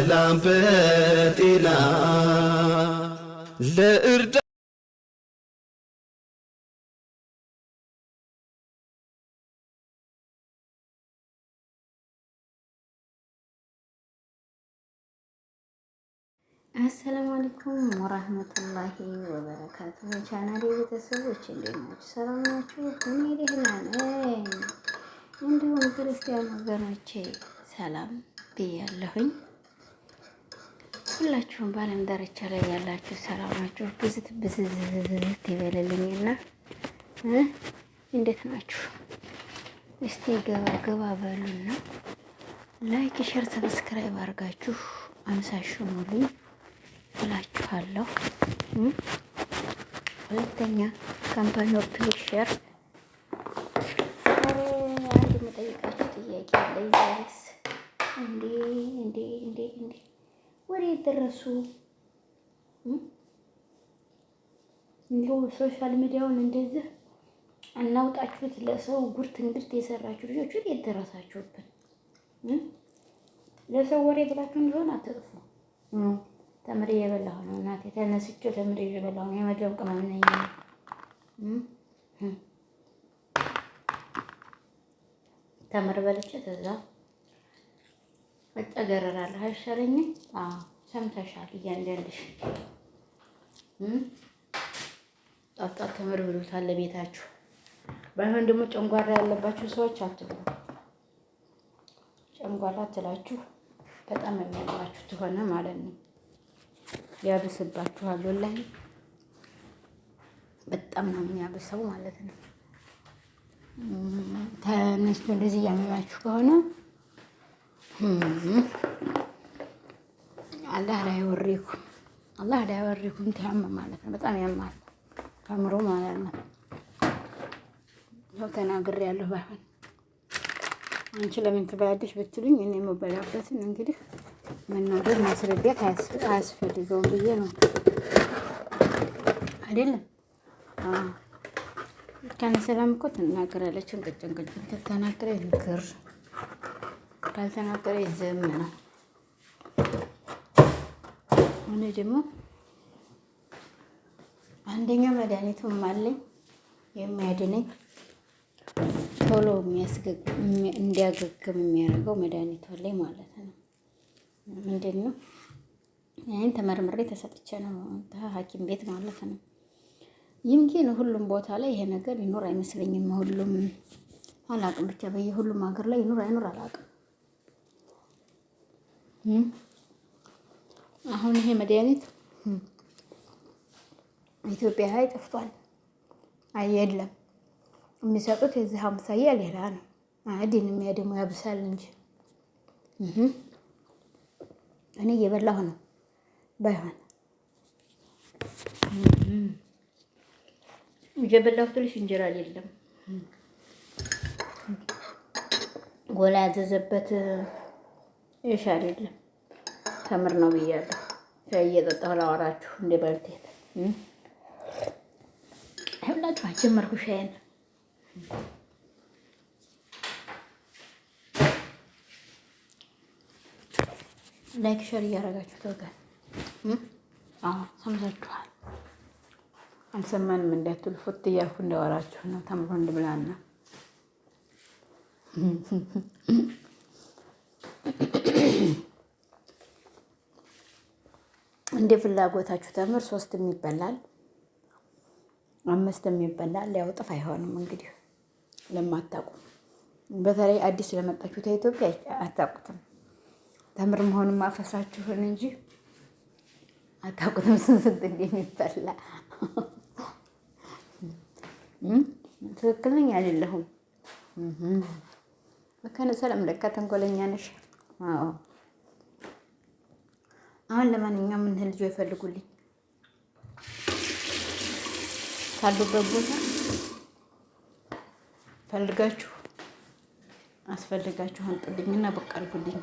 በሰላም በጤና ለእርዳ አሰላሙ አለይኩም ወራህመቱላሂ ወበረካቱ። ቻናሌ ቤተሰቦች እንዴት ናችሁ? ሰላም ናችሁ? እኔ ደህና ነኝ። እንዲሁም ክርስቲያን ወገኖቼ ሰላም ብያለሁኝ። ሁላችሁም በዓለም ዳርቻ ላይ ያላችሁ ሰላማችሁ ብዝት ብዝዝዝዝት ይበልልኝና እንዴት ናችሁ? እስቲ ገባ ገባ በሉና ላይክ፣ ሼር፣ ሰብስክራይብ አድርጋችሁ አንሳሹ ሙሉኝ እላችኋለሁ። ሁለተኛ ካምፓኒ ኦፍ ሸር አንድ የምጠይቃችሁ ጥያቄ አለ። ዛሬስ እንዴ እንዴ እንዴ እንዴ ወዴት ደረሱ? እንዲሁ ሶሻል ሚዲያውን እንደዚህ አናውጣችሁት ለሰው ጉር እንግርት የሰራችሁ ልጆች ወዴት ደረሳችሁብን? ለሰው ወሬ ብላችሁ እንደሆነ አትጥፉ። ተምሬ የበላሁ ነው እናቴ ተነስቼ ተምሬ የበላሁ ነው የመደብ ቅመም ነኝ ተምር በልቼ ተዛ እጠገረራለሁ አይሻለኝም? አዎ ሰምተሻል። እያንዳንድሽ ጧት ተምር ብሎታል ለቤታችሁ። ባይሆን ደግሞ ጨንጓራ ያለባችሁ ሰዎች አትብሉ። ጨንጓራ ትላችሁ በጣም የሚያማችሁ ትሆነ ማለት ነው። ያብስባችኋል። ወላሂ በጣም ነው የሚያብሰው ማለት ነው። ተነስቶ እንደዚህ እያመማችሁ ከሆነ አላህ ላይወሪኩም አላህ ላይወሪኩም ታም ማለት ነው። በጣም ያማል ከምሮ ማለት ነው። ያው ተናግሬ ያለሁ ባይሆን አንቺ ለምን ትበያለሽ ብትሉኝ እኔ የምበላበትን እንግዲህ መናገር ማስረዳት አያስፈልገውም ብዬ ነው አይደለም። ከነ ሰላም እኮ ትናገራለች። እንቅጭ እንቅጭ ከተናገረ ንግር ካልተናገረ ዝም ነው። እኔ ደግሞ አንደኛ መድኃኒቱም አለኝ የሚያድነኝ ቶሎ እንዲያገግም የሚያደርገው መድኃኒቱ አለኝ ማለት ነው። ምንድን ነው ይህን ተመርምሬ ተሰጥቼ ነው ሐኪም ቤት ማለት ነው። ይምኪን ሁሉም ቦታ ላይ ይሄ ነገር ይኖር አይመስለኝም። ሁሉም አላቅም፣ ብቻ በየሁሉም ሀገር ላይ ይኖር አይኖር አላቅም። አሁን ይሄ መድኃኒት ኢትዮጵያ ላይ ጠፍቷል። አይ የለም የሚሰጡት የዚህ አምሳያ ሌላ ነው። አዲን የሚያደሙ ያብሳል እንጂ እኔ እየበላሁ ነው። ባይሆን እየበላሁት ልሽ እንጀራ የለም ጎላ ያዘዘበት እሺ አይደለም ተምር ነው ብያለሁ። ሻይ እየጠጣሁ ላወራችሁ እንደ ባልቴት ሁላችሁ አጀመርኩ ሻይን ላይክ ሸር እያደረጋችሁ ተወጋል። አዎ ሰምታችኋል። አልሰማንም እንዳትሉ ፎት እያልኩ እንዳወራችሁ ነው። ተምሮ እንድብላና እንደ ፍላጎታችሁ ተምር ሶስትም የሚበላል አምስትም የሚበላል ያው ጥፍ አይሆንም እንግዲህ ለማታውቁ በተለይ አዲስ ለመጣችሁ ከኢትዮጵያ አታውቁትም። ተምር መሆኑን ማፈሳችሁን እንጂ አታውቁትም። ስንት ስንት እንደሚበላ ትክክለኛ አይደለሁም? መካነ ሰላም ለካ ተንኮለኛ ነሽ። አዎ አሁን ለማንኛውም ምን ልጆ ይፈልጉልኝ ካሉበት ቦታ ፈልጋችሁ አስፈልጋችሁ አንጡልኝና በቃ አልኩልኝ።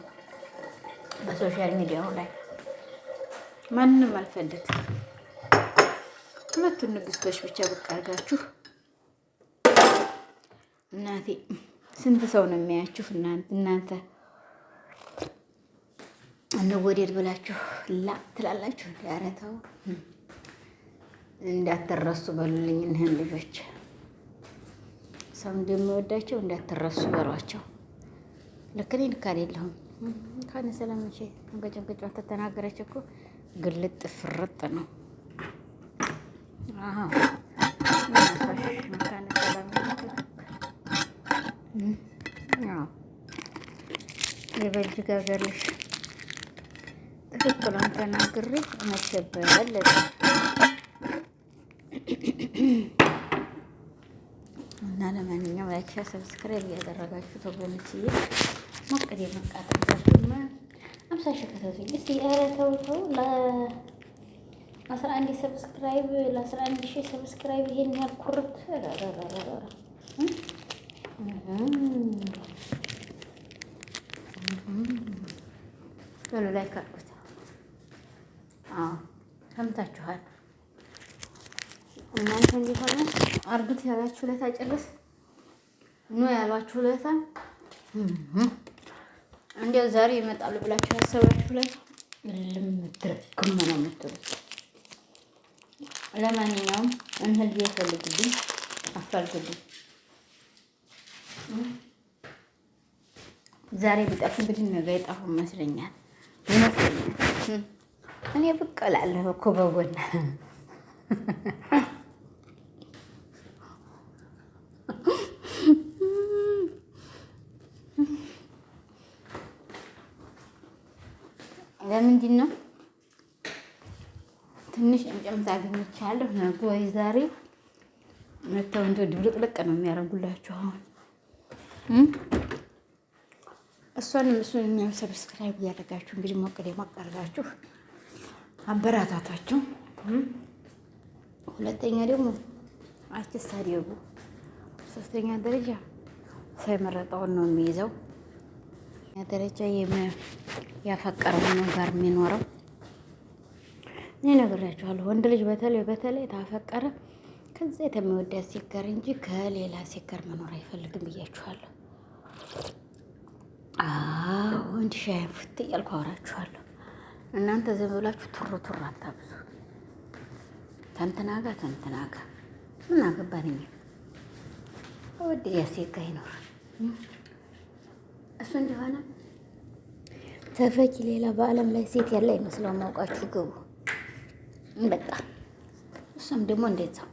በሶሻል ሚዲያው ላይ ማንም አልፈልግ ሁለቱን ንግስቶች ብቻ በቃ አድርጋችሁ እናቴ ስንት ሰው ነው የሚያያችሁ እናንተ እንወደድ ብላችሁ ላ ትላላችሁ። ኧረ ተው እንዳትረሱ በሉልኝ። እኒህን ልጆች ሰው እንደሚወዳቸው እንዳትረሱ በሏቸው። ልክ እኔ ልክ አይደለሁም። ከነ ሰላምቼ ተተናገረች እኮ ግልጥ ፍርጥ ነው። የበጅ ጋገርሽ ትክክሏን ተናግሬ መሸበለጠ እና ለማንኛውም ላይክ፣ ሼር፣ ሰብስክራይብ እያደረጋችሁ ተጎንችዬ ሞቅዴ አምሳ ሺህ ኧረ ተው ተው ለአስራ አንድ ሰብስክራይብ ለአስራ አንድ ሺህ ሰብስክራይብ ይሄን ላይክ አዎ ሰምታችኋል። እናንተ እንዲሆነ አርግት ያላችሁ ለታ ጨርስ ኖ ያሏችሁ ለታ እንዲያው ዛሬ ይመጣሉ ብላችሁ ያሰባችሁ ለታ ልምድረክም ነው የምትሉት። ለማንኛውም እንህል ቢፈልግልኝ አፋልግልኝ ዛሬ ቢጠፉ እንግዲህ ነገ ይጣፉ ይመስለኛል ይመስለኛል። እኔ ብቅ እላለሁ እኮ በጎን ለምንድን ነው ትንሽ ጭምጭምታ አግኝቻለሁ። ነገ ወይ ዛሬ መተው እንደ ድብልቅልቅ ነው የሚያደርጉላችሁ። አሁን እሷንም እሱን የሚያም ሰብስክራይብ እያደረጋችሁ እንግዲህ ሞቅ ደሞቅ አድርጋችሁ አበራታታቸው። ሁለተኛ ደግሞ አትሳደቡ። ሶስተኛ ደረጃ ሰው የመረጠውን ነው የሚይዘው። ደረጃ ያፈቀረው ነው ጋር የሚኖረው። እኔ ነግራችኋለሁ፣ ወንድ ልጅ በተለይ በተለይ ታፈቀረ ከዛ የሚወዳት ሴት ጋር እንጂ ከሌላ ሴት ጋር መኖር አይፈልግም ብያችኋለሁ። ወንድ ሻያፉት እያልኩ አውራችኋለሁ። እናንተ ዝም ብላችሁ ቱሩ ቱር አታብዙ። ተንትናጋ ተንትናጋ ምን አገባን እኛ ወደ ያሴጋ ይኖር እሱ እንደሆነ ተፈኪ ሌላ በዓለም ላይ ሴት ያለ አይመስለውም። አውቃችሁ ግቡ በቃ እሱም ደግሞ እንደዛው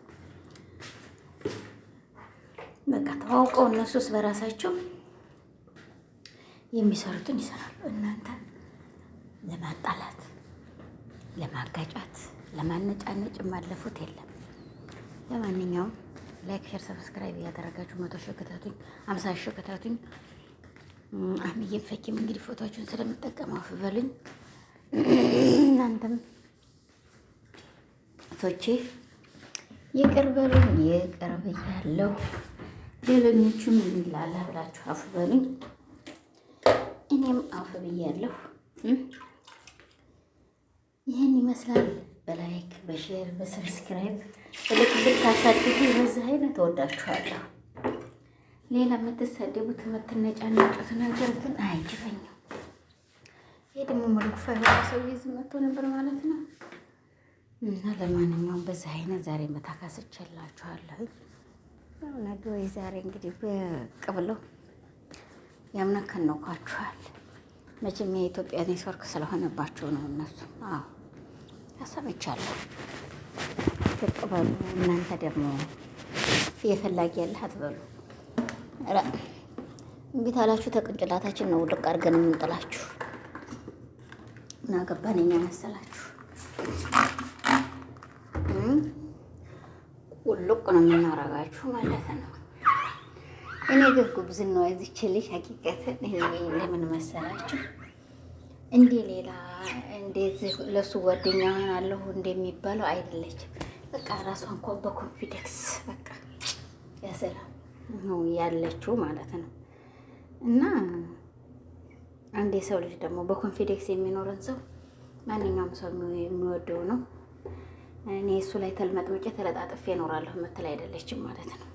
በቃ ተዋውቀው እነሱስ በራሳቸው የሚሰሩትን ይሰራሉ እናንተ ለማጣላት፣ ለማጋጫት፣ ለማነጫነጭ የማለፉት የለም። ለማንኛውም ላይክ፣ ሼር፣ ሰብስክራይብ እያደረጋችሁ መቶ ሺህ ክተቱኝ፣ አምሳ ሺህ ክተቱኝ። አህምዬም ፈኪም እንግዲህ ፎቶዎችን ስለምጠቀመው ፍበሉኝ። እናንተም ቶቼ ይቅር በሉኝ፣ ይቅር ብያለሁ። ሌሎኞቹም እንዲላላ ብላችሁ አፍ በሉኝ፣ እኔም አፍ ብያለሁ። ይህን ይመስላል። በላይክ በሼር በሰብስክራይብ በልክልክ ታሳድጉ። በዛ አይነት እወዳችኋለሁ። ሌላ የምትሳደቡት የምትነጫነጩት ነገር ግን አይጅበኝም። ይሄ ደግሞ መልኩ ፈራ ሰው መጥቶ ነበር ማለት ነው። እና ለማንኛውም በዛ አይነት ዛሬ መታካስችላችኋለሁ። ነገ ወይ ዛሬ እንግዲህ ብቅ ብለው ነውኳችኋል። መቼም የኢትዮጵያ ኔትወርክ ስለሆነባቸው ነው እነሱ። አዎ ብቅ በሉ እናንተ ደግሞ የፈላጊ ያለ አትበሉ። እንዴት አላችሁ? ተቅንጭላታችን ነው ልቅ አድርገን የምንጥላችሁ። ምን አገባን እኛ መሰላችሁ? ውልቅ ነው የምናረጋችሁ ማለት ነው። እኔ ግን ጉብዝናዋ ይዝች ልጅ ሀቂቀትን ለምን መሰላችሁ? እንዴ ሌላ እንደዚህ ለሱ ጓደኛ ሆናለሁ እንደሚባለው አይደለችም። በቃ ራሷ እንኳን በኮንፊደንስ በቃ ያሰላ ነው ያለችው ማለት ነው። እና አንድ የሰው ልጅ ደግሞ በኮንፊደንስ የሚኖረን ሰው ማንኛውም ሰው የሚወደው ነው። እኔ እሱ ላይ ተልመጥምጬ ተለጣጥፌ እኖራለሁ የምትል አይደለችም ማለት ነው።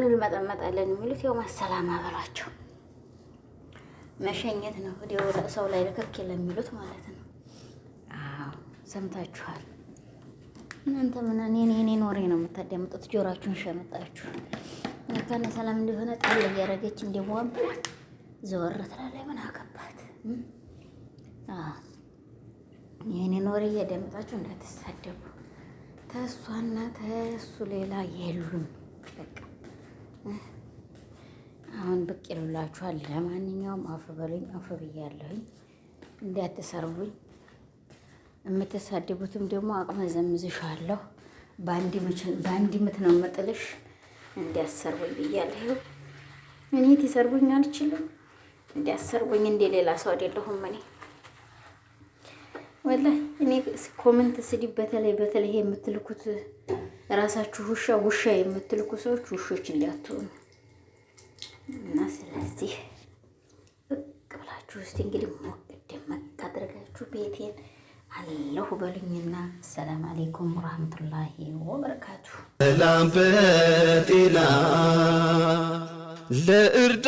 እንመጠመጣለን የሚሉት ያው ማሰላማ በሏቸው መሸኘት ነው። ወዲያው ሰው ላይ ልክክ ለሚሉት ማለት ነው። አዎ ሰምታችኋል። እናንተ ምን እኔ እኔ ኖሬ ነው የምታዳምጡት፣ ጆሯችሁን ሸምጣችሁ መካነ ሰላም እንደሆነ ጣል እያደረገች እንደዋብ ዘወር ትላለች። ምን አገባት? አዎ የእኔ ኖሬ እያዳመጣችሁ እንዳትሳደቡ። ተሷና ተሱ ሌላ የሉም በቃ አሁን ብቅ ይሉላችኋል። ለማንኛውም አፍ በሉኝ፣ አፍ ብያለሁኝ። እንዳትሰርቡኝ። የምትሳድቡትም ደግሞ አቅመዘምዝሻለሁ። በአንድ ምት ነው መጥልሽ እንዲያሰርቡኝ ብያለሁ። እኔ ትሰርቡኝ አልችልም። እንዲያሰርቡኝ እንደ ሌላ ሰው አይደለሁም እኔ ወላሂ። እኔ ኮመንት ስድብ በተለይ በተለይ የምትልኩት ራሳችሁ ውሻ ውሻ የምትልኩ ሰዎች ውሾች እንዳትሆኑ እና ስለዚህ ብቅ ብላችሁ ውስጥ እንግዲህ ሞቅ ደመቅ አድርጋችሁ ቤቴን አለሁ በሉኝና ሰላም አሌይኩም ወራህመቱላሂ ወበረካቱ። ሰላም በጤና ለእርዳ